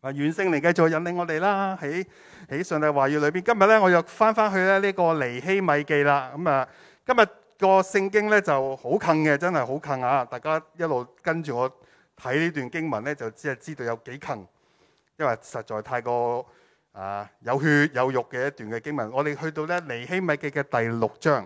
啊，願聖靈繼續引領我哋啦！喺喺上帝話語裏邊，今日咧，我又翻翻去咧呢個尼希米記啦。咁、嗯、啊，今日個聖經咧就好近嘅，真係好近啊！大家一路跟住我睇呢段經文咧，就只係知道有幾近，因為實在太過啊有血有肉嘅一段嘅經文。我哋去到咧尼希米記嘅第六章，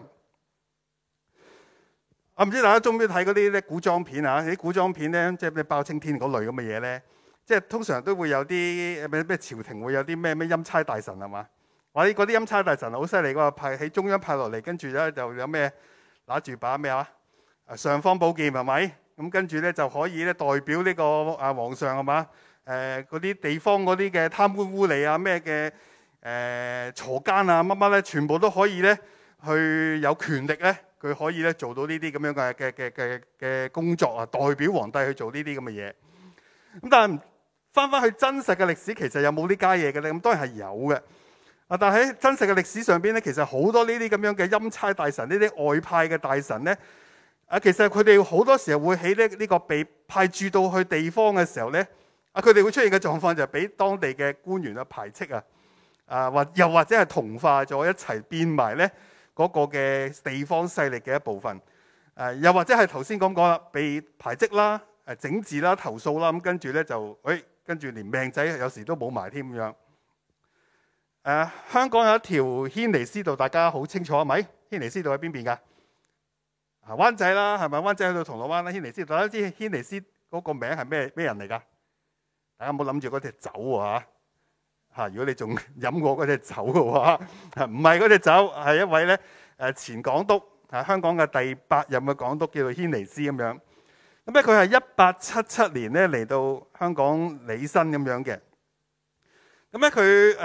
我、啊、唔知大家中唔中意睇嗰啲咧古裝片啊？啲古裝片咧，即係咩包青天嗰類咁嘅嘢咧？即係通常都會有啲咩咩朝廷會有啲咩咩欽差大臣係嘛？或者嗰啲欽差大臣好犀利，個派喺中央派落嚟，跟住咧就有咩拿住把咩啊？尚方寶劍係咪？咁跟住咧就可以咧代表呢個啊皇上係嘛？誒嗰啲地方嗰啲嘅貪官污吏、呃、啊咩嘅誒坐監啊乜乜咧，全部都可以咧去有權力咧，佢可以咧做到呢啲咁樣嘅嘅嘅嘅嘅工作啊，代表皇帝去做呢啲咁嘅嘢。咁但係，翻翻去真實嘅歷史，其實有冇呢家嘢嘅咧？咁當然係有嘅。啊，但喺真實嘅歷史上邊咧，其實好多呢啲咁樣嘅欽差大臣、呢啲外派嘅大臣咧，啊，其實佢哋好多時候會喺咧呢個被派駐到去地方嘅時候咧，啊，佢哋會出現嘅狀況就係俾當地嘅官員啊排斥啊，啊或又或者係同化咗一齊變埋咧嗰個嘅地方勢力嘅一部分。誒，又或者係頭先咁講啦，被排斥啦、誒整治啦、投訴啦，咁跟住咧就誒。哎跟住連命仔有時都冇埋添咁樣。誒、啊，香港有一條軒尼詩道，大家好清楚係咪？軒尼詩道喺邊邊㗎？啊，灣仔啦，係咪？灣仔去到銅鑼灣啦、啊，軒尼詩大家知軒尼詩嗰個名係咩咩人嚟㗎？大家冇諗住嗰隻酒喎、啊、嚇、啊。如果你仲飲過嗰隻酒嘅話，唔係嗰隻酒，係一位咧誒、啊、前港督，係、啊、香港嘅第八任嘅港督，叫做軒尼詩。咁樣。咁咧佢係一八七七年咧嚟到香港履新咁樣嘅。咁咧佢誒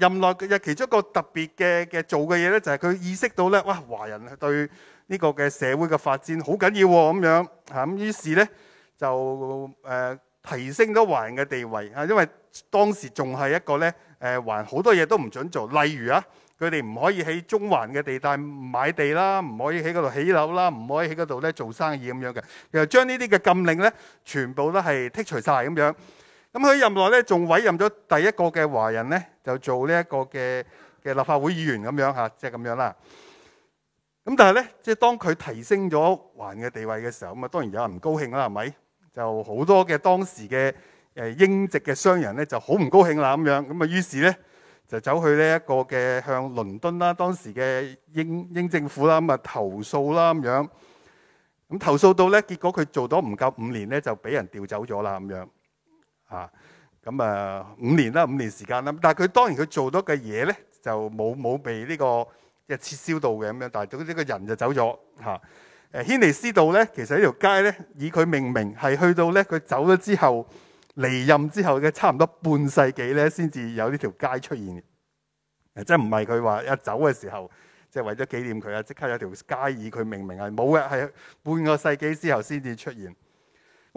任內嘅日，其中一個特別嘅嘅做嘅嘢咧，就係佢意識到咧，哇華人對呢個嘅社會嘅發展好緊要喎咁樣吓。咁於是咧就誒提升咗華人嘅地位啊，因為當時仲係一個咧誒，華人好多嘢都唔準做，例如啊。佢哋唔可以喺中環嘅地帶買地啦，唔可以喺嗰度起樓啦，唔可以喺嗰度咧做生意咁樣嘅，又將呢啲嘅禁令咧，全部都係剔除曬咁樣。咁佢任內咧，仲委任咗第一個嘅華人咧，就做呢一個嘅嘅立法會議員咁樣嚇，即係咁樣啦。咁但係咧，即係當佢提升咗華人嘅地位嘅時候，咁啊當然有人唔高興啦，係咪？就好多嘅當時嘅誒英籍嘅商人咧，就好唔高興啦咁樣。咁啊於是咧。就走去呢一個嘅向倫敦啦，當時嘅英英政府啦咁啊、嗯、投訴啦咁樣，咁、嗯、投訴到咧，結果佢做咗唔夠五年咧，就俾人調走咗啦咁樣，啊咁啊、嗯、五年啦，五年時間啦，但係佢當然佢做到嘅嘢咧，就冇冇被呢個嘅撤銷到嘅咁樣，但係總之個人就走咗嚇。誒、啊啊，軒尼詩道咧，其實呢條街咧以佢命名係去到咧佢走咗之後。離任之後嘅差唔多半世紀咧，先至有呢條街出現。誒，即係唔係佢話一走嘅時候，即係為咗紀念佢啊，即刻有條街以佢命名啊，冇嘅，係半個世紀之後先至出現。咁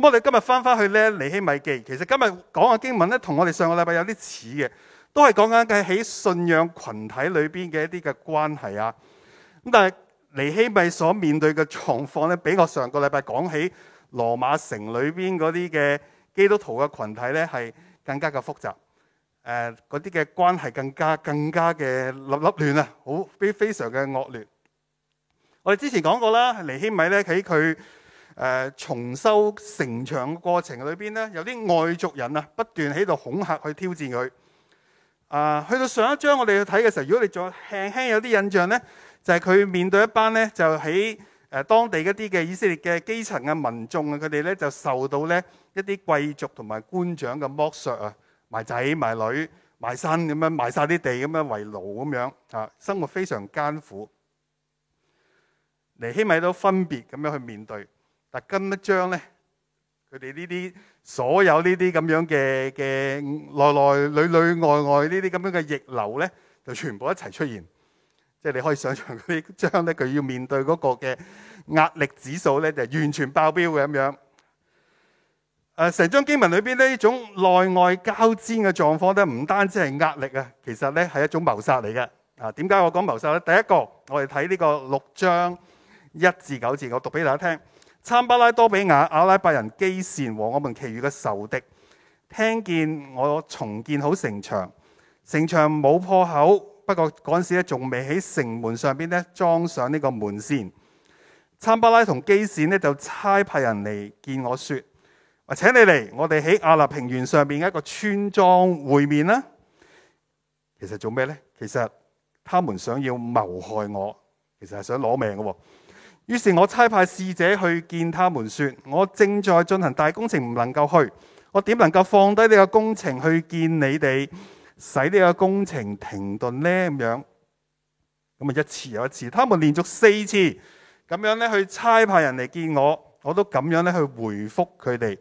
我哋今日翻翻去咧，尼希米記，其實今日講嘅經文咧，同我哋上個禮拜有啲似嘅，都係講緊嘅喺信仰群體裏邊嘅一啲嘅關係啊。咁但係尼希米所面對嘅狀況咧，比我上個禮拜講起羅馬城裏邊嗰啲嘅。基督徒嘅羣體咧，係更加嘅複雜，誒嗰啲嘅關係更加更加嘅立立亂啊，好非非常嘅惡劣。我哋之前講過啦，尼希米咧，喺佢誒重修城牆嘅過程裏邊咧，有啲外族人啊，不斷喺度恐嚇去挑戰佢。啊，去到上一章我哋要睇嘅時候，如果你再輕輕有啲印象咧，就係佢面對一班咧就喺。誒當地嗰啲嘅以色列嘅基層嘅民眾啊，佢哋咧就受到咧一啲貴族同埋官長嘅剝削啊，賣仔賣女賣身咁樣，賣晒啲地咁樣，為奴咁樣啊，生活非常艱苦。尼希米都分別咁樣去面對。但今一章咧，佢哋呢啲所有呢啲咁樣嘅嘅內內裏裏外外呢啲咁樣嘅逆流咧，就全部一齊出現。即係你可以想象嗰啲章咧，佢要面對嗰個嘅壓力指數咧，就完全爆標嘅咁樣。誒，成章經文裏邊呢種內外交戰嘅狀況咧，唔單止係壓力啊，其實咧係一種謀殺嚟嘅。啊，點解我講謀殺咧？第一個，我哋睇呢個六章一至九字，我讀俾大家聽。參巴拉多比雅阿拉伯人基善和我們其餘嘅仇敵，聽見我重建好城牆，城牆冇破口。不過嗰陣時咧，仲未喺城門上邊咧裝上呢個門扇。參巴拉同基綫咧就差派人嚟見我說：我請你嚟，我哋喺亞納平原上邊一個村莊會面啦。其實做咩呢？其實他們想要謀害我，其實係想攞命嘅。於是我差派使者去見他們，說我正在進行大工程，唔能夠去。我點能夠放低呢個工程去見你哋？使呢個工程停頓呢？咁樣咁啊，一次又一次，他們連續四次咁樣咧去差派人嚟見我，我都咁樣咧去回復佢哋。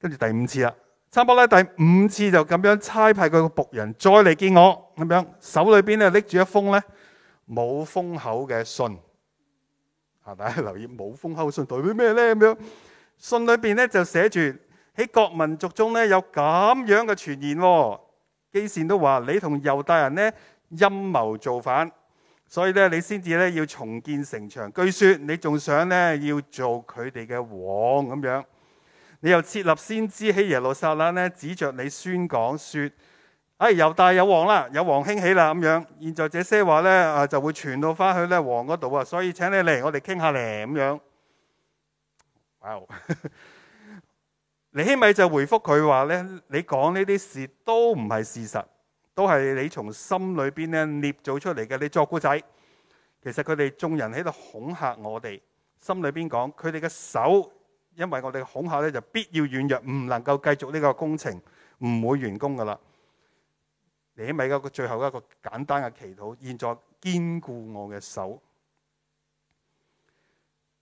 跟住第五次啦，參巴拉第五次就咁樣差派佢個僕人再嚟見我，咁樣手裏邊咧拎住一封咧冇封口嘅信。啊，大家留意冇封口的信代表咩咧？咁樣，信裏邊咧就寫住喺各民族中咧有咁樣嘅傳言、哦。基線都話你同猶大人呢陰謀造反，所以咧你先至咧要重建城牆。據說你仲想咧要做佢哋嘅王咁樣，你又設立先知喺耶路撒冷咧，指着你宣講，説：哎，猶大有王啦，有王興起啦咁樣。現在這些話咧啊就會傳到翻去咧王嗰度啊，所以請你嚟我哋傾下嚟咁樣。Wow. 尼希米就回覆佢話咧：，你講呢啲事都唔係事實，都係你從心裏邊咧捏造出嚟嘅。你作古仔，其實佢哋眾人喺度恐嚇我哋，心裏邊講，佢哋嘅手因為我哋恐嚇咧，就必要軟弱，唔能夠繼續呢個工程，唔會完工噶啦。尼希米嘅最後一個簡單嘅祈禱，現在堅固我嘅手。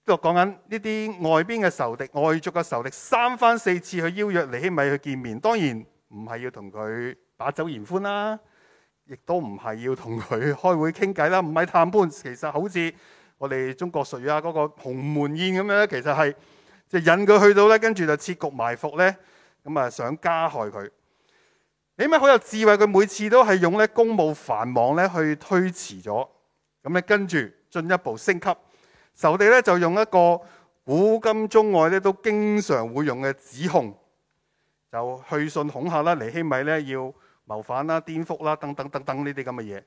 就講緊呢啲外邊嘅仇敵，外族嘅仇敵，三番四次去邀約尼希米去見面，當然唔係要同佢把酒言歡啦，亦都唔係要同佢開會傾偈啦，唔係談判。其實好似我哋中國術語啊嗰個鴻門宴咁樣，其實係就是、引佢去到咧，跟住就設局埋伏咧，咁啊想加害佢。起碼好有智慧，佢每次都係用咧公務繁忙咧去推遲咗，咁咧跟住進一步升級。仇地咧就用一個古今中外咧都經常會用嘅指控，就去信恐嚇啦，尼希米咧要謀反啦、顛覆啦等等等等呢啲咁嘅嘢，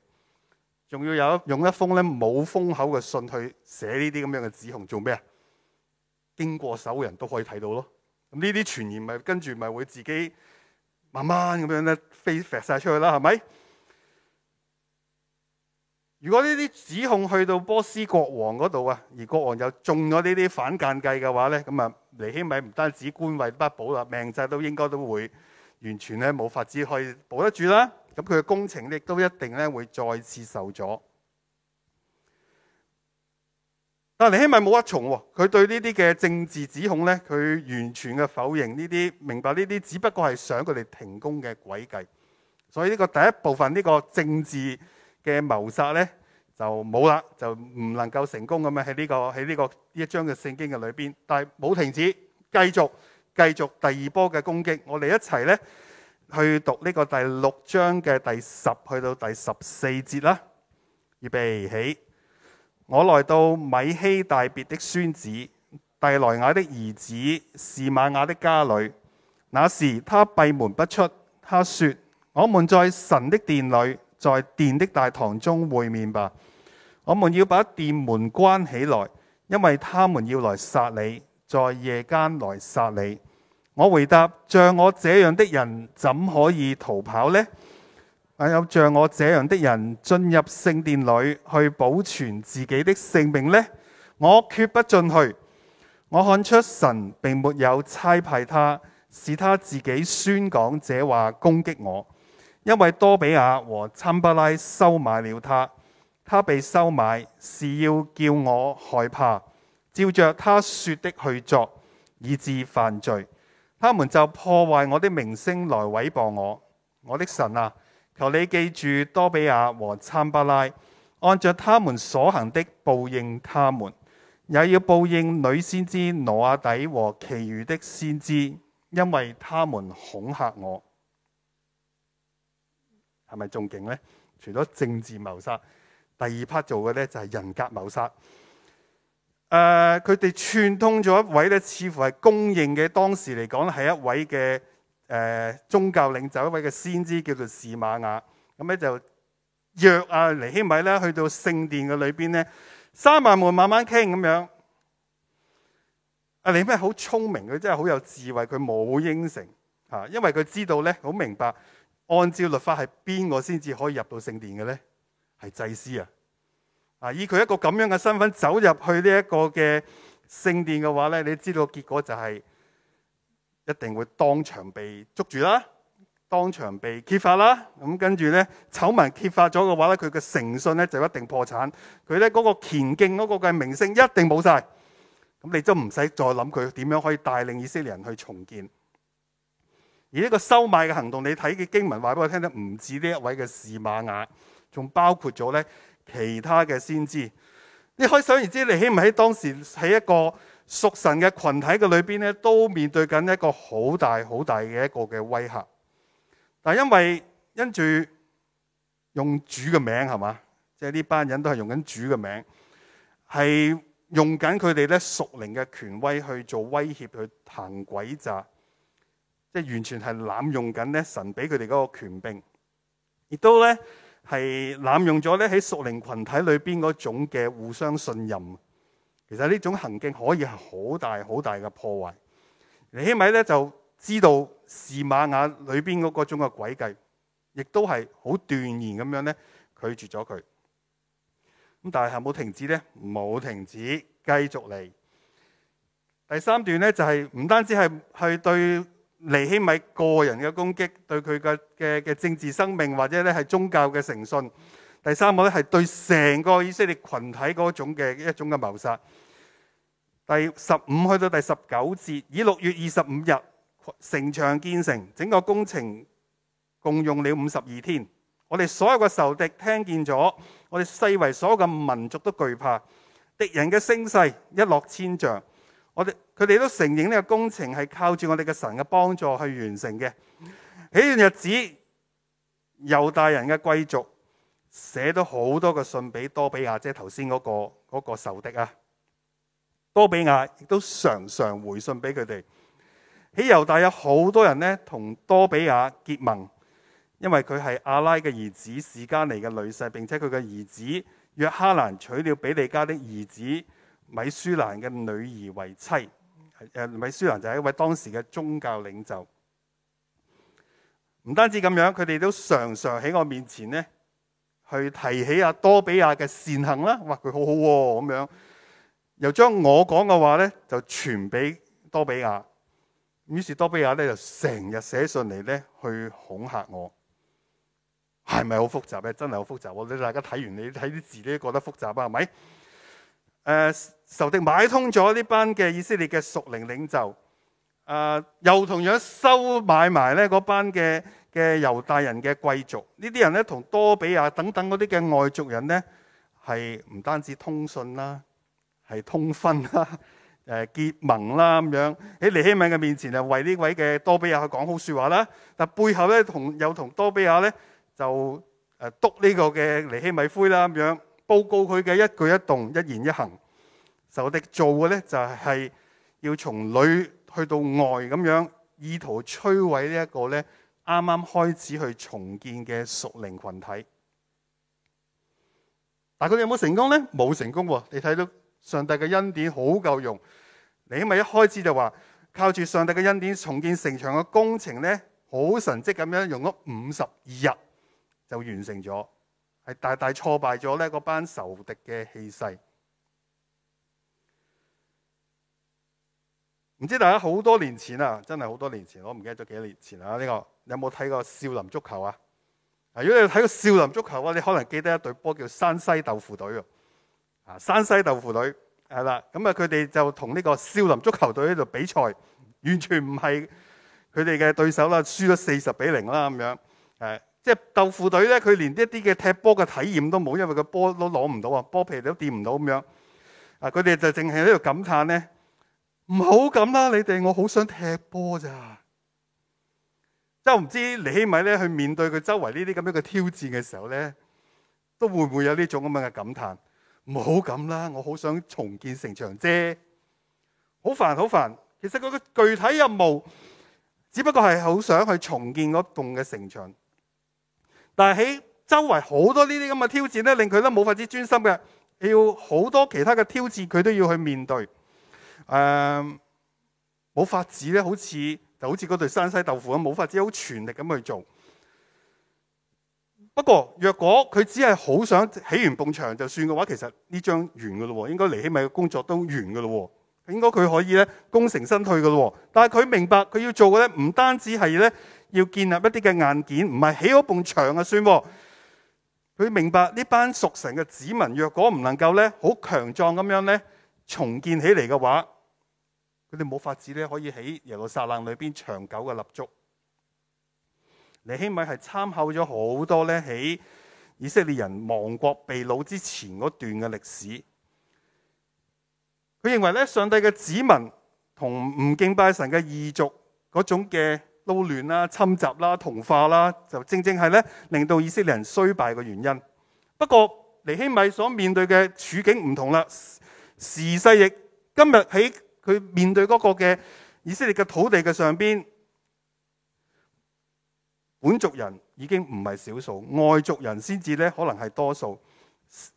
仲要有用一封咧冇封口嘅信去寫呢啲咁樣嘅指控做咩啊？經過手嘅人都可以睇到咯，咁呢啲傳言咪跟住咪會自己慢慢咁樣咧飛發曬出去啦，係咪？如果呢啲指控去到波斯國王嗰度啊，而國王又中咗呢啲反間計嘅話咧，咁啊，尼希米唔單止官位不保啦，命債都應該都會完全咧冇法子去保得住啦。咁佢嘅工程亦都一定咧會再次受阻。但尼希米冇一從，佢對呢啲嘅政治指控咧，佢完全嘅否認呢啲，明白呢啲只不過係想佢哋停工嘅詭計。所以呢個第一部分呢個政治嘅謀殺咧就冇啦，就唔能夠成功咁樣，喺呢個喺呢個一章嘅聖經嘅裏邊，但係冇停止，繼續繼續第二波嘅攻擊。我哋一齊咧去讀呢個第六章嘅第十去到第十四節啦。預備起，我來到米希大別的孫子第萊雅的兒子士馬雅的家裏，那時他閉門不出。他說：我們在神的殿裏。在殿的大堂中會面吧。我們要把殿門關起來，因為他們要來殺你，在夜間來殺你。我回答：像我這樣的人，怎可以逃跑呢？還、啊、有像我這樣的人，進入聖殿裏去保存自己的性命呢？我決不進去。我看出神並沒有差派他，是他自己宣講這話攻擊我。因為多比亞和參巴拉收買了他，他被收買是要叫我害怕，照着他說的去作，以致犯罪。他們就破壞我的名聲來毀謗我。我的神啊，求你記住多比亞和參巴拉，按着他們所行的報應他們，也要報應女先知挪亞底和其餘的先知，因為他們恐吓我。係咪仲勁咧？除咗政治謀殺，第二 part 做嘅咧就係人格謀殺。誒、呃，佢哋串通咗一位咧，似乎係公認嘅，當時嚟講咧係一位嘅誒、呃、宗教領袖，一位嘅先知，叫做示瑪雅。咁咧就約啊尼希米咧去到聖殿嘅裏邊咧，閂埋門慢慢傾咁樣。阿尼希米好聰明，佢真係好有智慧，佢冇應承嚇，因為佢知道咧，好明白。按照律法係邊個先至可以入到聖殿嘅咧？係祭司啊！啊，以佢一個咁樣嘅身份走入去呢一個嘅聖殿嘅話咧，你知道結果就係一定會當場被捉住啦，當場被揭發啦。咁跟住咧，醜聞揭發咗嘅話咧，佢嘅誠信咧就一定破產，佢咧嗰個虔敬嗰個嘅名聲一定冇晒。咁你都唔使再諗佢點樣可以帶領以色列人去重建。而呢個收買嘅行動，你睇嘅經文話俾我聽得唔止呢一位嘅示瑪雅，仲包括咗咧其他嘅先知。你可想而知，你起唔起當時喺一個屬神嘅群體嘅裏邊咧，都面對緊一個好大好大嘅一個嘅威嚇。但係因為因住用主嘅名係嘛，即係呢班人都係用緊主嘅名，係用緊佢哋咧屬靈嘅權威去做威脅，去行詭詐。即係完全係濫用緊咧神俾佢哋嗰個權柄，亦都咧係濫用咗咧喺屬靈群體裏邊嗰種嘅互相信任。其實呢種行徑可以係好大好大嘅破壞。尼希米咧就知道示瑪雅裏邊嗰種嘅詭計，亦都係好斷然咁樣咧拒絕咗佢。咁但係係冇停止咧，冇停止，繼續嚟。第三段咧就係唔單止係係對。尼希米個人嘅攻擊，對佢嘅嘅嘅政治生命或者咧係宗教嘅誠信。第三個咧係對成個以色列群體嗰種嘅一種嘅謀殺。第十五去到第十九節，以六月二十五日城牆建成，整個工程共用了五十二天。我哋所有嘅仇敵聽見咗，我哋四圍所有嘅民族都懼怕，敵人嘅聲勢一落千丈。我哋佢哋都承認呢個工程係靠住我哋嘅神嘅幫助去完成嘅。喺段日子猶大人嘅貴族寫咗好多個信俾多比亞，姐係頭先嗰個仇敵啊。多比亞亦都常常回信俾佢哋。喺猶大有好多人呢同多比亞結盟，因為佢係亞拉嘅兒子，士加尼嘅女婿，並且佢嘅兒子約哈蘭娶了比利加的兒子米舒蘭嘅女兒為妻，誒、呃，米舒蘭就係一位當時嘅宗教領袖。唔單止咁樣，佢哋都常常喺我面前呢去提起阿多比亞嘅善行啦，哇，佢好好喎咁樣，又將我講嘅話咧就傳俾多比亞，於是多比亞咧就成日寫信嚟咧去恐嚇我，係咪好複雜咧？真係好複雜，我哋大家睇完你睇啲自己都覺得複雜啊，係咪？誒、呃。仇敵買通咗呢班嘅以色列嘅屬靈領袖，啊、呃，又同樣收買埋咧班嘅嘅猶大人嘅貴族這些呢啲人咧，同多比亞等等嗰啲嘅外族人咧，係唔單止通訊啦，係通婚啦，誒、啊、結盟啦咁樣，喺尼希米嘅面前就為呢位嘅多比亞去講好説話啦。但背後咧，同又同多比亞咧就誒督呢個嘅尼希米灰啦，咁樣報告佢嘅一舉一動一言一行。仇敵做嘅咧就係要從裡去到外咁樣，意圖摧毀呢一個咧啱啱開始去重建嘅屬靈群體。但係佢哋有冇成功咧？冇成功喎！你睇到上帝嘅恩典好夠用。你因為一開始就話靠住上帝嘅恩典重建城牆嘅工程咧，好神跡咁樣用咗五十二日就完成咗，係大大挫敗咗咧嗰班仇敵嘅氣勢。唔知大家好多年前啊，真係好多年前，我唔記得咗幾多年前啦。呢個你有冇睇過少林足球啊？如果你睇過少林足球啊，你可能記得一隊波叫山西豆腐隊啊。山西豆腐隊係啦，咁啊佢哋就同呢個少林足球隊喺度比賽，完全唔係佢哋嘅對手啦，輸咗四十比零啦咁樣。誒，即係豆腐隊咧，佢連一啲嘅踢波嘅體驗都冇，因為個波都攞唔到啊，波皮都掂唔到咁樣。啊，佢哋就淨係喺度感嘆咧。唔好咁啦，你哋我好想踢波咋？就唔知尼希米咧去面對佢周圍呢啲咁樣嘅挑戰嘅時候咧，都會唔會有呢種咁樣嘅感嘆？唔好咁啦，我好想重建城牆啫！好煩好煩。其實個具體任務只不過係好想去重建嗰棟嘅城牆，但係喺周圍好多呢啲咁嘅挑戰咧，令佢都冇法子專心嘅。要好多其他嘅挑戰，佢都要去面對。誒，冇法子咧，好似就好似嗰對山西豆腐咁，冇法子，好全力咁去做。不過若果佢只係好想起完棟牆就算嘅話，其實呢張完嘅咯，應該尼希米嘅工作都完嘅咯，應該佢可以咧功成身退嘅咯。但係佢明白佢要做嘅咧，唔單止係咧要建立一啲嘅硬件，唔係起咗棟牆就算。佢明白呢班熟成嘅子民，若果唔能夠咧好強壯咁樣咧重建起嚟嘅話，佢哋冇法子咧，可以喺耶路撒冷裏邊長久嘅立足。尼希米係參考咗好多咧，喺以色列人亡國被擄之前嗰段嘅歷史。佢認為咧，上帝嘅子民同唔敬拜神嘅異族嗰種嘅撈亂啦、侵襲啦、同化啦，就正正係咧令到以色列人衰敗嘅原因。不過尼希米所面對嘅處境唔同啦，時勢亦今日喺。佢面對嗰個嘅以色列嘅土地嘅上邊，本族人已經唔係少數，外族人先至咧可能係多數。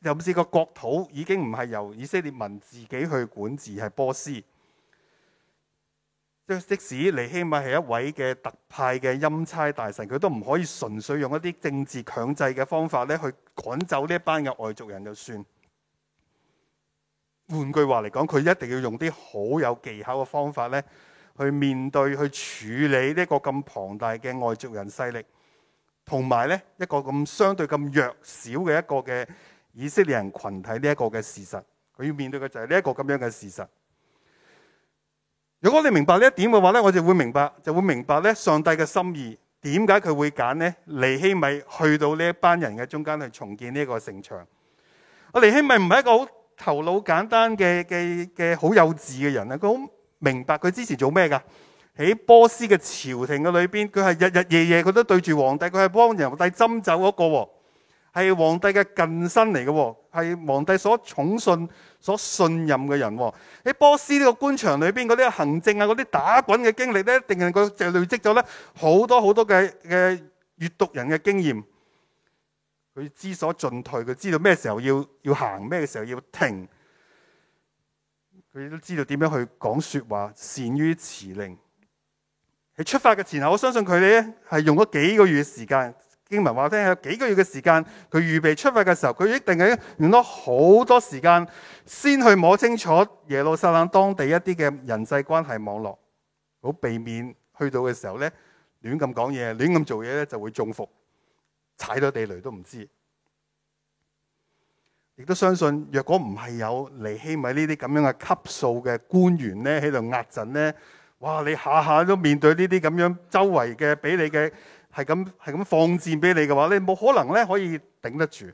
甚至個國土已經唔係由以色列民自己去管治，係波斯。即即使尼希米係一位嘅特派嘅欽差大臣，佢都唔可以純粹用一啲政治強制嘅方法咧去趕走呢一班嘅外族人就算。換句話嚟講，佢一定要用啲好有技巧嘅方法咧，去面對、去處理呢個咁龐大嘅外族人勢力，同埋咧一個咁相對咁弱小嘅一個嘅以色列人群體呢一個嘅事實。佢要面對嘅就係呢一個咁樣嘅事實。如果你明白呢一點嘅話咧，我就會明白，就會明白咧上帝嘅心意，點解佢會揀呢尼希米去到呢一班人嘅中間去重建呢一個城牆。阿尼希米唔係一個好頭腦簡單嘅嘅嘅好幼稚嘅人啊！佢好明白佢之前做咩㗎？喺波斯嘅朝廷嘅裏邊，佢係日日夜夜佢都對住皇帝，佢係幫人，佢係幫皇帝斟酒嗰個喎，係皇帝嘅近身嚟嘅喎，係皇帝所寵信、所信任嘅人喎。喺波斯呢個官場裏邊，嗰啲行政啊、嗰啲打滾嘅經歷咧，定係佢就累積咗咧好多好多嘅嘅閲讀人嘅經驗。佢知所進退，佢知道咩時候要要行，咩時候要停，佢都知道點樣去講說話，善於辭令。喺出發嘅前後，我相信佢哋咧係用咗幾個月嘅時間。經文話聽有幾個月嘅時間，佢預備出發嘅時候，佢一定係用咗好多時間先去摸清楚耶路撒冷當地一啲嘅人際關係網絡，好避免去到嘅時候咧亂咁講嘢、亂咁做嘢咧就會中伏。踩到地雷都唔知，亦都相信若果唔係有尼希米呢啲咁樣嘅級數嘅官員咧喺度壓陣咧，哇！你下下都面對呢啲咁樣周圍嘅俾你嘅係咁係咁放箭俾你嘅話，你冇可能咧可以頂得住。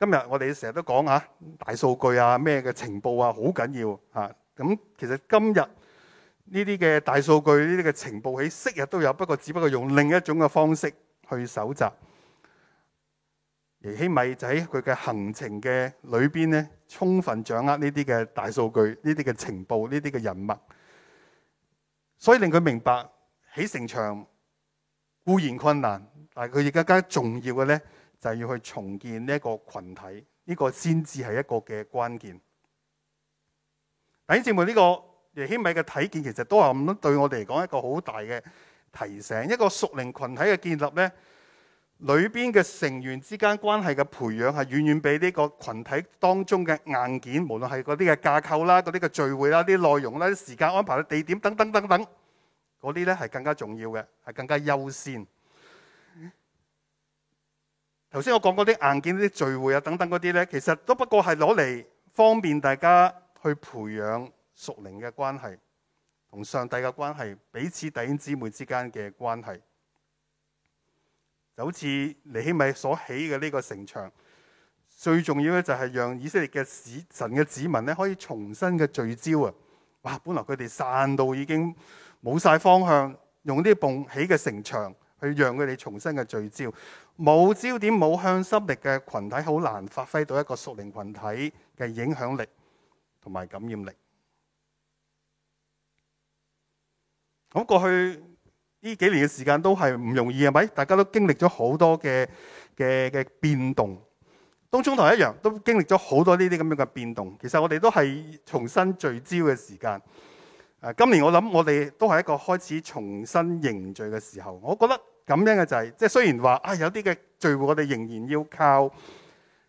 今日我哋成日都講啊，大數據啊咩嘅情報啊好緊要啊。咁，嗯，其實今日。呢啲嘅大數據，呢啲嘅情報喺昔日都有，不過只不過用另一種嘅方式去搜集，而尼希米就喺佢嘅行程嘅裏邊咧，充分掌握呢啲嘅大數據、呢啲嘅情報、呢啲嘅人脈，所以令佢明白起城牆固然困難，但係佢而家更加重要嘅咧，就係、是、要去重建呢一個群體，呢、這個先至係一個嘅關鍵。弟兄姊妹呢、這個。希米嘅體檢其實都係咁，對我哋嚟講一個好大嘅提醒。一個熟齡群體嘅建立呢，裏邊嘅成員之間關係嘅培養係遠遠比呢個群體當中嘅硬件，無論係嗰啲嘅架構啦、嗰啲嘅聚會啦、啲內容啦、啲時間安排、啲地點等等等等，嗰啲呢係更加重要嘅，係更加優先。頭先我講嗰啲硬件、啲聚會啊等等嗰啲呢，其實都不過係攞嚟方便大家去培養屬靈嘅關係，同上帝嘅關係，彼此弟兄姊妹之間嘅關係，就好似尼希米所起嘅呢個城牆，最重要咧就係讓以色列嘅指神嘅子民咧可以重新嘅聚焦啊！哇，本來佢哋散到已經冇晒方向，用啲泵起嘅城牆去讓佢哋重新嘅聚焦。冇焦點、冇向心力嘅群體，好難發揮到一個屬靈群體嘅影響力同埋感染力。咁過去呢幾年嘅時間都係唔容易係咪？大家都經歷咗好多嘅嘅嘅變動，當中同一樣，都經歷咗好多呢啲咁樣嘅變動。其實我哋都係重新聚焦嘅時間啊。今年我諗我哋都係一個開始重新凝聚嘅時候。我覺得咁樣嘅就係、是，即係雖然話啊，有啲嘅聚會我哋仍然要靠誒、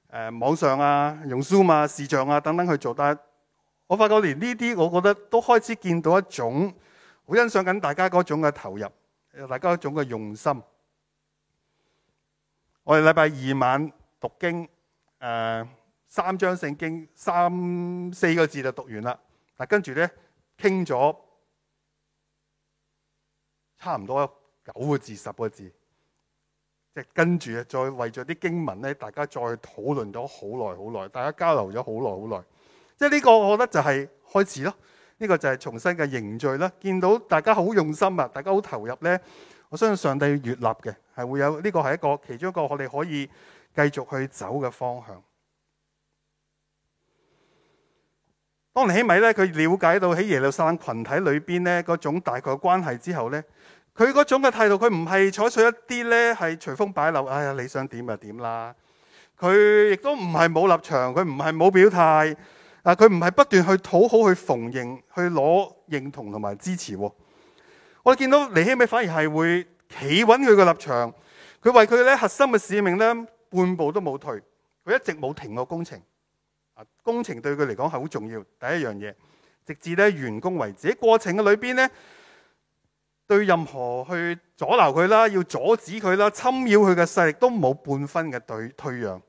呃、網上啊、用 Zoom 啊、視像啊等等去做，但我發覺連呢啲，我覺得都開始見到一種。好欣賞緊大家嗰種嘅投入，大家嗰種嘅用心。我哋禮拜二晚讀經，誒、呃，三章聖經，三四個字就讀完啦。但跟住咧傾咗差唔多九個字，十個字，即係跟住啊，再為咗啲經文咧，大家再討論咗好耐好耐，大家交流咗好耐好耐。即係呢個，我覺得就係開始咯。呢個就係重新嘅凝聚啦！見到大家好用心啊，大家好投入呢。我相信上帝要悅納嘅，係會有呢、這個係一個其中一個我哋可以繼續去走嘅方向。尼希米呢，佢了解到喺耶路撒冷羣體裏邊咧嗰種大概嘅關係之後呢，佢嗰種嘅態度，佢唔係採取一啲呢係隨風擺柳，哎呀你想點就點啦。佢亦都唔係冇立場，佢唔係冇表態。但佢唔係不斷去討好、去逢迎、去攞認同同埋支持。我哋見到尼希米反而係會企穩佢嘅立場，佢為佢咧核心嘅使命咧半步都冇退，佢一直冇停過工程。啊，工程對佢嚟講係好重要，第一樣嘢，直至咧完工為止。喺過程嘅裏邊咧，對任何去阻撓佢啦、要阻止佢啦、侵擾佢嘅勢力都冇半分嘅對退讓。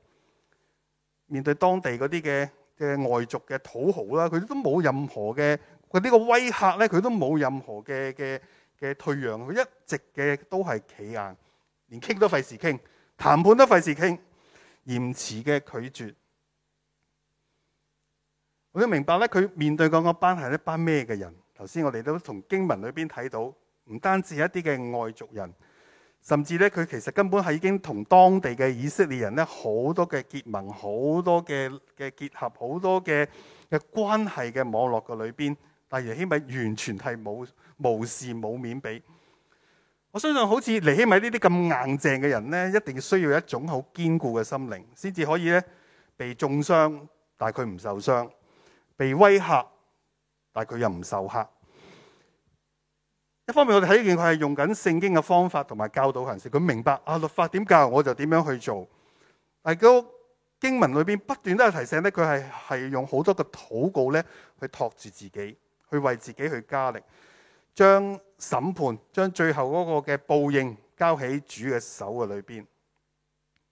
面對當地嗰啲嘅嘅外族嘅土豪啦，佢都冇任何嘅，佢呢個威嚇咧，佢都冇任何嘅嘅嘅退讓，佢一直嘅都係企硬，連傾都費事傾，談判都費事傾，嚴詞嘅拒絕。我都明白咧，佢面對嗰個班係一班咩嘅人？頭先我哋都從經文裏邊睇到，唔單止一啲嘅外族人。甚至咧，佢其實根本係已經同當地嘅以色列人咧好多嘅結盟、好多嘅嘅結合、好多嘅嘅關係嘅網絡個裏邊，但尼希米完全係冇無視、冇面俾。我相信好似尼希米呢啲咁硬正嘅人咧，一定需要一種好堅固嘅心靈，先至可以咧被中傷，但係佢唔受傷；被威嚇，但係佢又唔受嚇。一方面我哋睇見佢係用緊聖經嘅方法同埋教導形式，佢明白啊律法點教我就點樣去做。但係喺經文裏邊不斷都有提醒咧，佢係係用好多嘅禱告咧去托住自己，去為自己去加力，將審判將最後嗰個嘅報應交喺主嘅手嘅裏邊。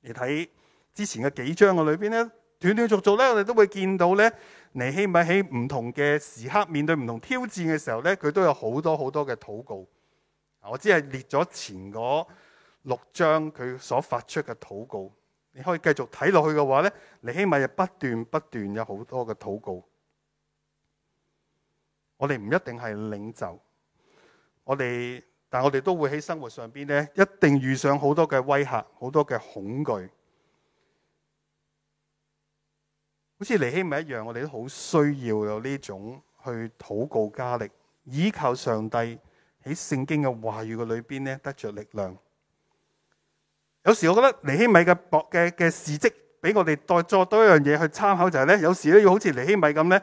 而睇之前嘅幾章嘅裏邊咧，斷斷續續咧，我哋都會見到咧。你尼希米喺唔同嘅時刻面對唔同挑戰嘅時候咧，佢都有好多好多嘅禱告。我只係列咗前嗰六章佢所發出嘅禱告。你可以繼續睇落去嘅話咧，你尼希米就不斷不斷有好多嘅禱告。我哋唔一定係領袖，我哋但我哋都會喺生活上邊咧，一定遇上好多嘅威嚇，好多嘅恐懼。好似尼希米一樣，我哋都好需要有呢種去禱告加力，依靠上帝喺聖經嘅話語嘅裏邊咧，得着力量。有時我覺得尼希米嘅博嘅嘅事跡，俾我哋代作多一樣嘢去參考，就係咧，有時咧要好似尼希米咁咧，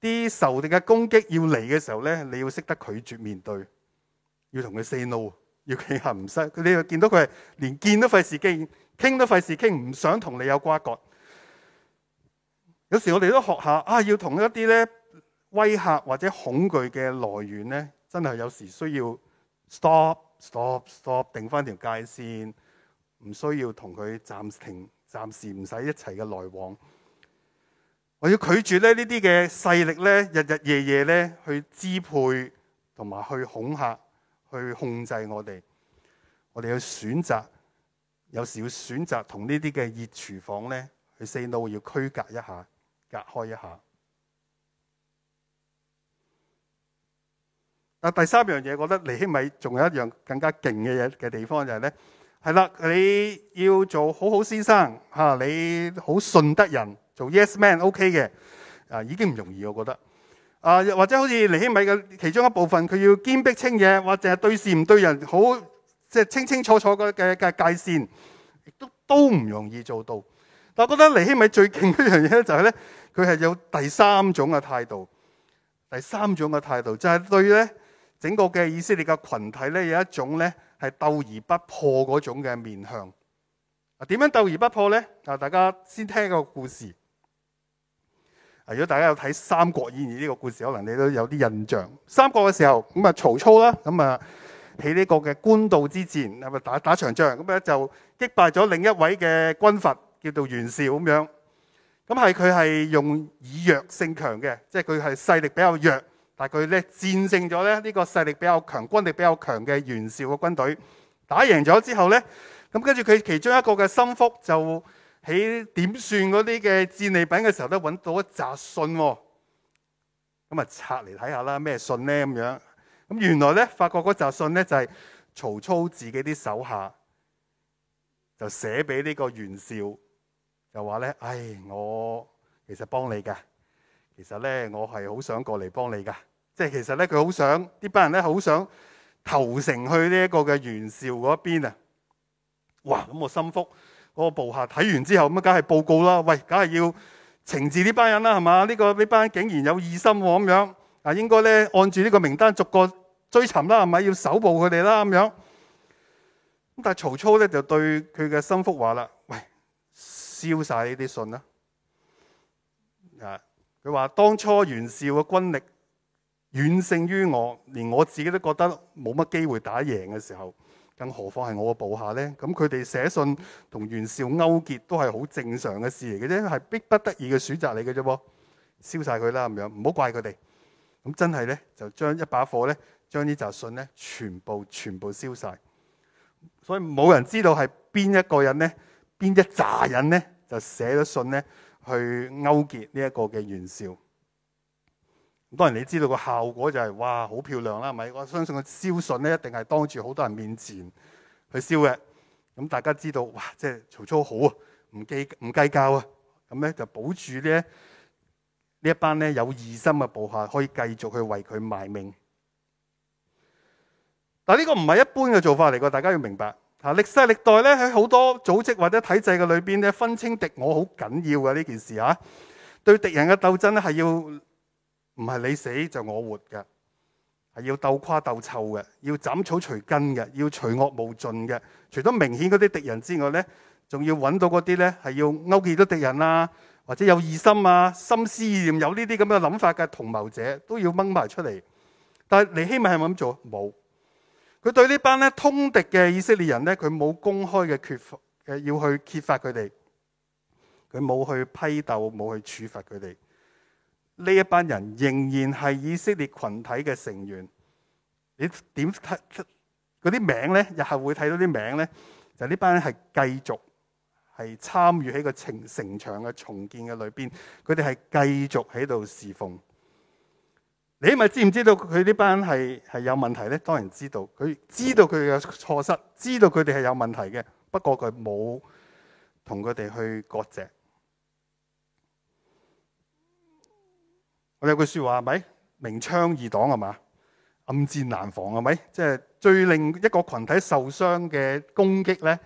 啲仇敵嘅攻擊要嚟嘅時候咧，你要識得拒絕面對，要同佢 say no，要企硬唔屈。你又見到佢係連見都費事見，傾都費事傾，唔想同你有瓜葛。有時我哋都學下啊，要同一啲咧威嚇或者恐懼嘅來源咧，真係有時需要 stop stop stop 定翻條界線，唔需要同佢暫停、暫時唔使一齊嘅來往。我要拒絕咧呢啲嘅勢力咧，日日夜夜咧去支配同埋去恐嚇、去控制我哋。我哋要選擇，有時要選擇同呢啲嘅熱廚房咧，去 say no，要區隔一下。隔開一下。啊，第三樣嘢，覺得尼希米仲有一樣更加勁嘅嘢嘅地方就係咧，係啦，你要做好好先生嚇，你好順得人做 yes man，OK 嘅啊，已經唔容易，我覺得啊，或者好似尼希米嘅其中一部分，佢要堅壁清野，或者係對事唔對人，好即係清清楚楚嘅嘅嘅界線，亦都都唔容易做到。我覺得尼希米最勁一樣嘢咧，就係咧，佢係有第三種嘅態度，第三種嘅態度就係對咧整個嘅以色列嘅群體咧，有一種咧係鬥而不破嗰種嘅面向。啊，點樣鬥而不破咧？啊，大家先聽一個故事。啊，如果大家有睇《三國演義》呢個故事，可能你都有啲印象。三國嘅時候咁啊，曹操啦，咁啊喺呢個嘅官渡之戰，咁啊打打場仗，咁咧就擊敗咗另一位嘅軍閥。叫做袁紹咁樣，咁係佢係用以弱勝強嘅。即係佢係勢力比較弱，但係佢咧戰勝咗咧呢個勢力比較強、軍力比較強嘅袁紹嘅軍隊，打贏咗之後咧，咁跟住佢其中一個嘅心腹就喺點算嗰啲嘅戰利品嘅時候咧，揾到一札信喎、哦，咁啊拆嚟睇下啦，咩信咧咁樣，咁原來咧發覺，嗰札信咧就係、是、曹操自己啲手下就寫俾呢個袁紹。就話咧，唉、哎，我其實幫你嘅，其實咧，我係好想過嚟幫你嘅，即係其實咧，佢好想，這呢班人咧好想投誠去呢一個嘅袁紹嗰邊啊！哇，咁我心腹，我、那個、部下睇完之後，咁梗係報告啦，喂，梗係要懲治呢班人啦，係嘛？呢個呢班竟然有二心喎，咁樣啊，應該咧按住呢個名單逐個追尋啦，係咪要搜捕佢哋啦？咁樣咁，但係曹操咧就對佢嘅心腹話啦，喂。燒晒呢啲信啦！啊，佢話當初袁紹嘅軍力遠勝於我，連我自己都覺得冇乜機會打贏嘅時候，更何況係我嘅部下咧？咁佢哋寫信同袁紹勾結都係好正常嘅事嚟嘅啫，係逼不得已嘅選擇嚟嘅啫噃。燒晒佢啦，咁樣唔好怪佢哋。咁真係咧，就將一把火咧，將呢紮信咧，全部全部燒晒。所以冇人知道係邊一個人咧。邊一紮人咧就寫咗信咧去勾結呢一個嘅袁紹。當然你知道個效果就係、是、哇好漂亮啦，係咪？我相信個燒信咧一定係當住好多人面前去燒嘅。咁大家知道哇，即係曹操好啊，唔計唔計較啊，咁咧就保住呢呢一班咧有二心嘅部下可以繼續去為佢賣命。但係呢個唔係一般嘅做法嚟嘅，大家要明白。嚇歷世歷代咧喺好多組織或者體制嘅裏邊咧，分清敵我好緊要嘅呢件事嚇，對敵人嘅鬥爭咧係要唔係你死就我活嘅，係要鬥垮鬥臭嘅，要斬草除根嘅，要除惡無盡嘅。除咗明顯嗰啲敵人之外咧，仲要揾到嗰啲咧係要勾結到敵人啊，或者有二心啊、心思意念有呢啲咁嘅諗法嘅同謀者都要掹埋出嚟。但係尼希米係咪咁做？冇。佢對呢班咧通敵嘅以色列人咧，佢冇公開嘅揭發，誒要去揭發佢哋，佢冇去批鬥，冇去處罰佢哋。呢一班人仍然係以色列群體嘅成員，你點睇出嗰啲名咧，日後會睇到啲名咧，就呢班人係繼續係參與喺個城城牆嘅重建嘅裏邊，佢哋係繼續喺度侍奉。你咪知唔知道佢呢班係係有問題咧？當然知道，佢知道佢嘅錯失，知道佢哋係有問題嘅。不過佢冇同佢哋去割席。我有句說話係咪明槍易擋係嘛，暗箭難防係咪？即係、就是、最令一個群體受傷嘅攻擊咧，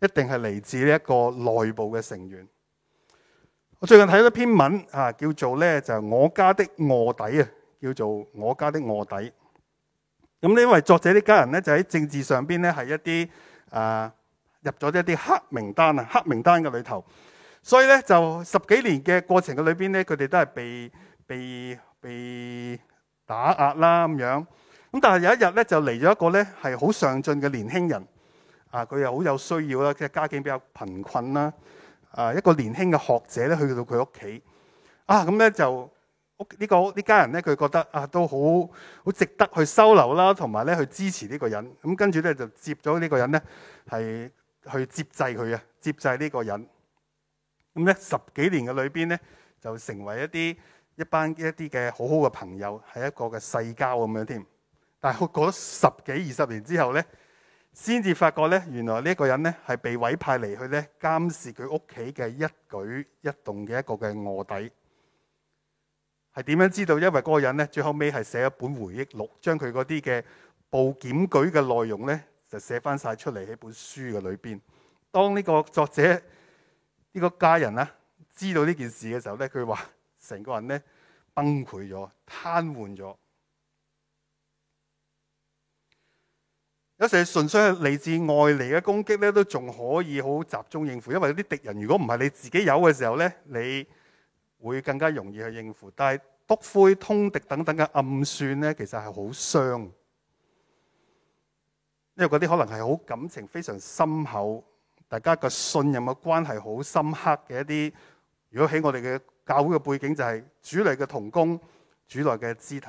一定係嚟自呢一個內部嘅成員。我最近睇咗一篇文啊，叫做咧就係、是、我家的臥底啊。叫做我家的臥底，咁呢位作者嘅家人咧就喺政治上邊咧係一啲啊入咗一啲黑名單啊黑名單嘅裏頭，所以咧就十幾年嘅過程嘅裏邊咧，佢哋都係被被被打壓啦咁樣，咁但係有一日咧就嚟咗一個咧係好上進嘅年輕人啊，佢又好有需要啦，佢嘅家境比較貧困啦，啊一個年輕嘅學者咧去到佢屋企啊，咁咧就。屋呢、這個呢家人咧，佢覺得啊，都好好值得去收留啦，同埋咧去支持呢個人。咁跟住咧就接咗呢個人咧，係去接濟佢啊，接濟呢個人。咁、嗯、咧十幾年嘅裏邊咧，就成為一啲一班一啲嘅好好嘅朋友，係一個嘅世交咁樣添。但係過咗十幾二十年之後咧，先至發覺咧，原來呢一個人咧係被委派嚟去咧監視佢屋企嘅一舉一動嘅一個嘅臥底。係點樣知道？因為嗰個人咧，最後尾係寫一本回憶錄，將佢嗰啲嘅報檢舉嘅內容咧，就寫翻晒出嚟喺本書嘅裏邊。當呢個作者呢、呢個家人咧知道呢件事嘅時候咧，佢話成個人咧崩潰咗，癱瘓咗。有時純粹係嚟自外嚟嘅攻擊咧，都仲可以好集中應付，因為啲敵人如果唔係你自己有嘅時候咧，你。會更加容易去應付，但係篤灰通敵等等嘅暗算咧，其實係好傷，因為嗰啲可能係好感情非常深厚，大家嘅信任嘅關係好深刻嘅一啲。如果喺我哋嘅教會嘅背景，就係主內嘅同工，主內嘅肢體。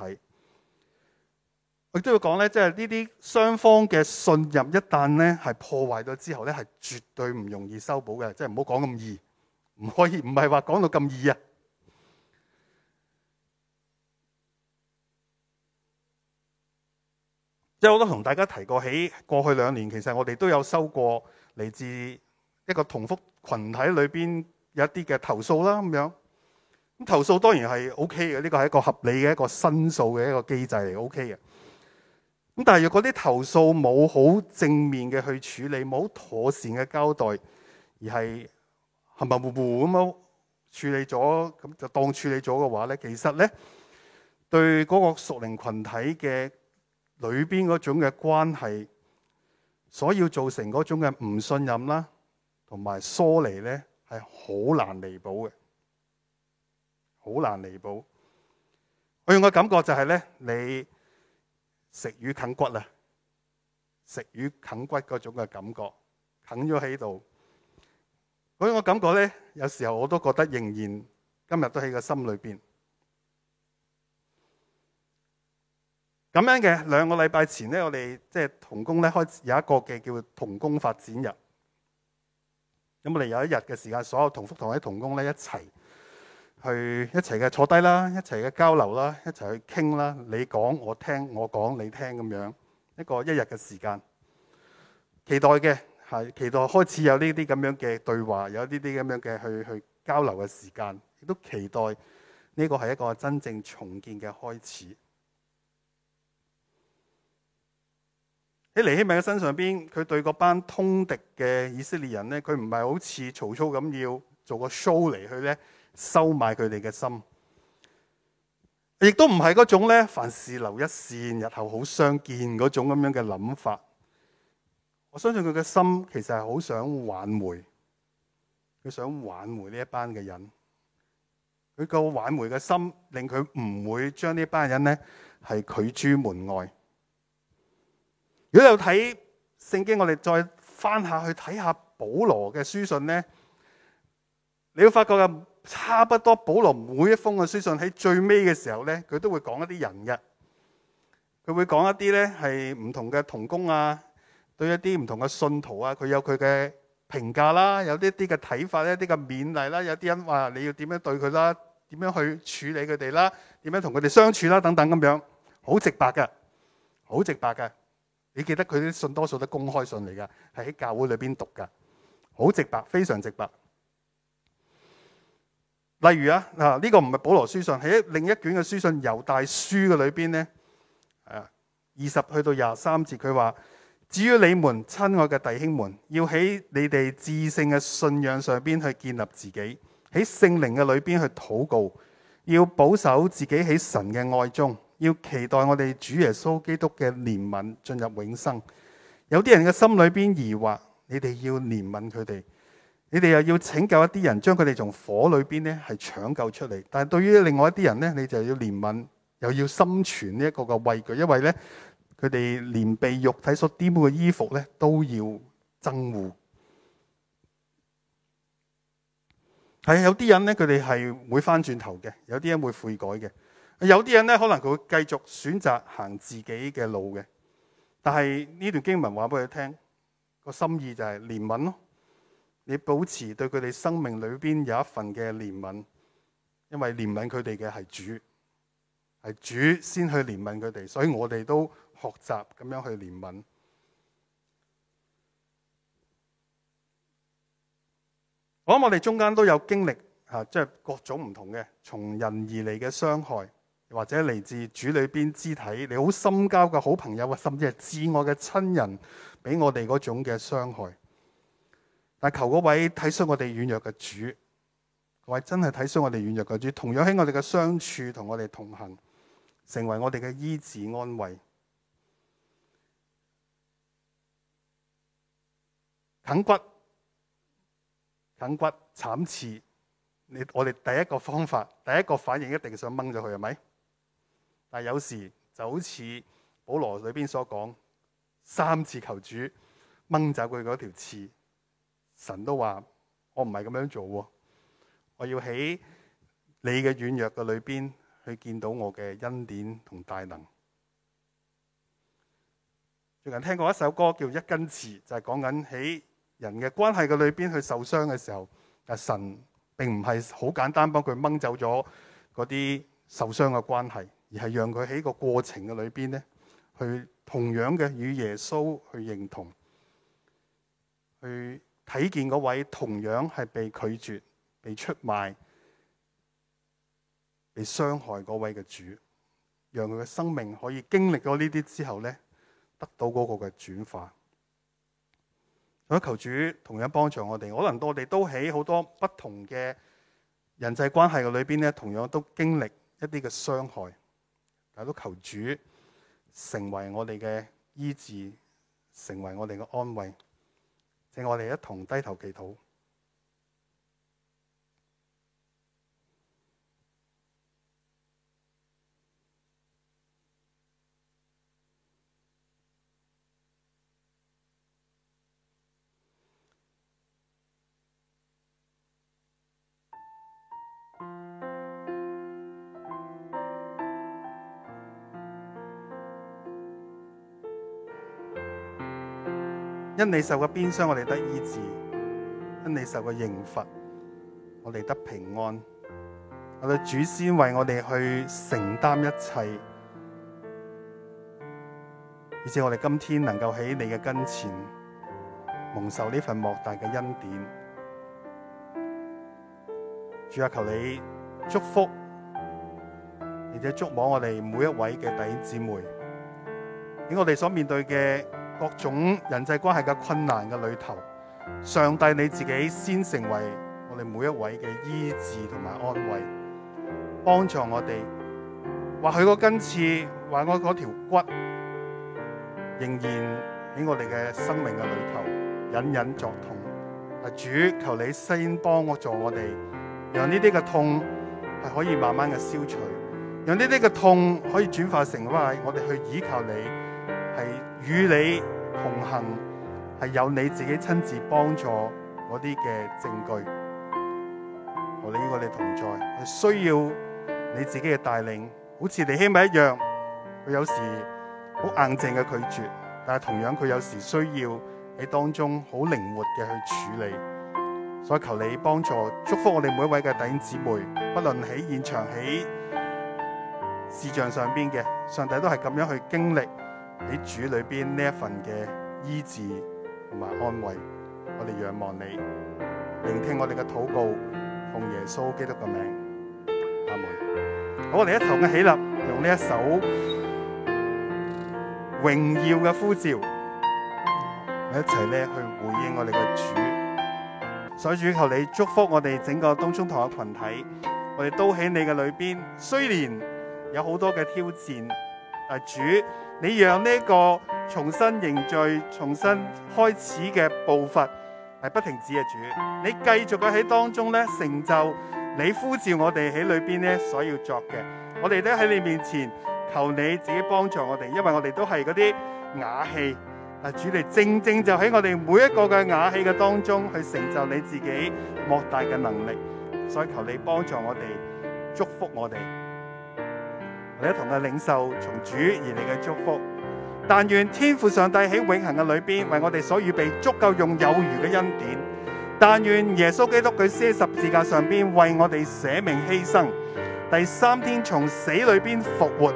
我都要講咧，即係呢啲雙方嘅信任一旦咧係破壞咗之後咧，係絕對唔容易修補嘅，即係唔好講咁易，唔可以，唔係話講到咁易啊！即我都同大家提過，喺過去兩年，其實我哋都有收過嚟自一個同福群體裏邊有一啲嘅投訴啦，咁樣咁投訴當然係 OK 嘅，呢個係一個合理嘅一個申訴嘅一個機制嚟，OK 嘅。咁但係若果啲投訴冇好正面嘅去處理，冇妥善嘅交代，而係含含糊糊咁樣處理咗，咁就當處理咗嘅話咧，其實咧對嗰個屬靈群體嘅。裏邊嗰種嘅關係，所要造成嗰種嘅唔信任啦，同埋疏離咧，係好難彌補嘅，好難彌補。我用個感覺就係咧，你食魚啃骨啦，食魚啃骨嗰種嘅感覺，啃咗喺度。我用個感覺咧，有時候我都覺得仍然今日都喺個心裏邊。咁樣嘅兩個禮拜前咧，我哋即係同工咧，開始有一個嘅叫同工發展日。咁我哋有一日嘅時間，所有同福堂嘅同工咧一齊去一齊嘅坐低啦，一齊嘅交流啦，一齊去傾啦，你講我聽，我講你聽咁樣一個一日嘅時間。期待嘅係期待開始有呢啲咁樣嘅對話，有呢啲咁樣嘅去去交流嘅時間，亦都期待呢個係一個真正重建嘅開始。喺尼希米嘅身上邊，佢對嗰班通敵嘅以色列人咧，佢唔係好似曹操咁要做個 show 嚟，去咧收買佢哋嘅心，亦都唔係嗰種咧凡事留一線，日後好相見嗰種咁樣嘅諗法。我相信佢嘅心其實係好想挽回，佢想挽回呢一班嘅人，佢個挽回嘅心令佢唔會將呢班人咧係拒諸門外。如果有睇聖經，我哋再翻下去睇下保羅嘅書信咧，你會發覺嘅差不多保羅每一封嘅書信喺最尾嘅時候咧，佢都會講一啲人嘅，佢會講一啲咧係唔同嘅同工啊，對一啲唔同嘅信徒啊，佢有佢嘅評價啦，有啲啲嘅睇法一啲嘅勉勵啦，有啲人話你要點樣對佢啦，點樣去處理佢哋啦，點樣同佢哋相處啦，等等咁樣，好直白㗎，好直白㗎。你記得佢啲信多數都公開信嚟噶，係喺教會裏邊讀噶，好直白，非常直白。例如啊，呢、呢個唔係保羅書信，喺另一卷嘅書信《猶大書》嘅裏邊呢。二十去到廿三節，佢話：至於你們親愛嘅弟兄們，要喺你哋至聖嘅信仰上邊去建立自己，喺聖靈嘅裏邊去禱告，要保守自己喺神嘅愛中。要期待我哋主耶穌基督嘅憐憫進入永生。有啲人嘅心裏邊疑惑，你哋要憐憫佢哋，你哋又要拯救一啲人，將佢哋從火裏邊咧係搶救出嚟。但係對於另外一啲人咧，你就要憐憫，又要心存呢一個嘅畏懼，因為咧佢哋連被肉體所玷污嘅衣服咧都要憎惡。係有啲人咧，佢哋係會翻轉頭嘅，有啲人，人會悔改嘅。有啲人咧，可能佢會繼續選擇行自己嘅路嘅。但係呢段經文話俾佢聽，個心意就係憐憫咯。你保持對佢哋生命裏邊有一份嘅憐憫，因為憐憫佢哋嘅係主，係主先去憐憫佢哋，所以我哋都學習咁樣去憐憫。我諗我哋中間都有經歷吓，即係各種唔同嘅從人而嚟嘅傷害。或者嚟自主裏邊肢體，你好深交嘅好朋友啊，甚至係摯愛嘅親人，俾我哋嗰種嘅傷害。但求嗰位體恤我哋軟弱嘅主，各位真係體恤我哋軟弱嘅主，同樣喺我哋嘅相處同我哋同行，成為我哋嘅醫治安慰。啃骨、啃骨、慘刺，你我哋第一個方法，第一個反應一定想掹咗佢係咪？是但有時就好似保羅裏邊所講，三次求主掹走佢嗰條刺，神都話：我唔係咁樣做喎，我要喺你嘅軟弱嘅裏邊去見到我嘅恩典同大能。最近聽過一首歌叫《一根刺》，就係講緊喺人嘅關係嘅裏邊去受傷嘅時候，啊神並唔係好簡單幫佢掹走咗嗰啲受傷嘅關係。而係讓佢喺個過程嘅裏邊咧，去同樣嘅與耶穌去認同，去睇見嗰位同樣係被拒絕、被出賣、被傷害嗰位嘅主，讓佢嘅生命可以經歷咗呢啲之後呢，得到嗰個嘅轉化。咁啊，求主同樣幫助我哋。可能我哋都喺好多不同嘅人際關係嘅裏邊咧，同樣都經歷一啲嘅傷害。也都求主成為我哋嘅醫治，成為我哋嘅安慰，請我哋一同低頭祈禱。因你受嘅鞭傷，我哋得醫治；因你受嘅刑罰，我哋得平安。我哋主先為我哋去承擔一切，而且我哋今天能夠喺你嘅跟前蒙受呢份莫大嘅恩典。主啊，求你祝福，而且祝福我哋每一位嘅弟兄姊妹喺我哋所面對嘅。各種人際關係嘅困難嘅裏頭，上帝你自己先成為我哋每一位嘅醫治同埋安慰，幫助我哋。或許個根刺，或我嗰條骨，仍然喺我哋嘅生命嘅裏頭隱隱作痛。啊主，求你先幫助我哋，讓呢啲嘅痛係可以慢慢嘅消除，讓呢啲嘅痛可以轉化成乜嘢？我哋去依靠你。與你同行係有你自己親自幫助嗰啲嘅證據，哋你一個你同在係需要你自己嘅帶領。好似尼希米一樣，佢有時好硬淨嘅拒絕，但係同樣佢有時需要喺當中好靈活嘅去處理。所以求你幫助，祝福我哋每一位嘅弟兄姊妹，不論喺現場喺視像上邊嘅，上帝都係咁樣去經歷。喺主裏邊呢一份嘅醫治同埋安慰，我哋仰望你，聆聽我哋嘅禱告，奉耶穌基督嘅名，阿門。好，我哋一同嘅起立，用呢一首榮耀嘅呼召，一齊咧去回應我哋嘅主。所以主求你祝福我哋整個東涌堂嘅群體，我哋都喺你嘅裏邊。雖然有好多嘅挑戰，啊主，你讓呢個重新凝聚、重新開始嘅步伐係不停止嘅主，你繼續嘅喺當中咧成就你呼召我哋喺裏邊咧所要作嘅，我哋都喺你面前求你自己幫助我哋，因為我哋都係嗰啲瓦器。啊主，你正正就喺我哋每一個嘅瓦器嘅當中去成就你自己莫大嘅能力，所以求你幫助我哋，祝福我哋。同嘅領袖從主而嚟嘅祝福，但願天父上帝喺永恒嘅裏邊為我哋所預備足夠用有餘嘅恩典。但願耶穌基督佢喺十字架上邊為我哋捨命犧牲，第三天從死裏邊復活，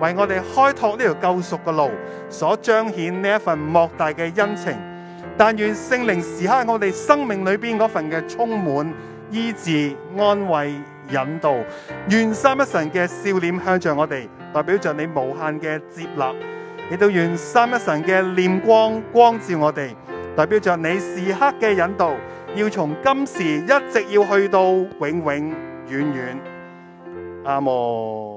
為我哋開拓呢條救贖嘅路，所彰顯呢一份莫大嘅恩情。但願聖靈時刻喺我哋生命裏邊嗰份嘅充滿醫治安慰。引導，願三一神嘅笑臉向着我哋，代表着你無限嘅接納，亦都願三一神嘅念光光照我哋，代表着你時刻嘅引導，要從今時一直要去到永永遠遠。阿門。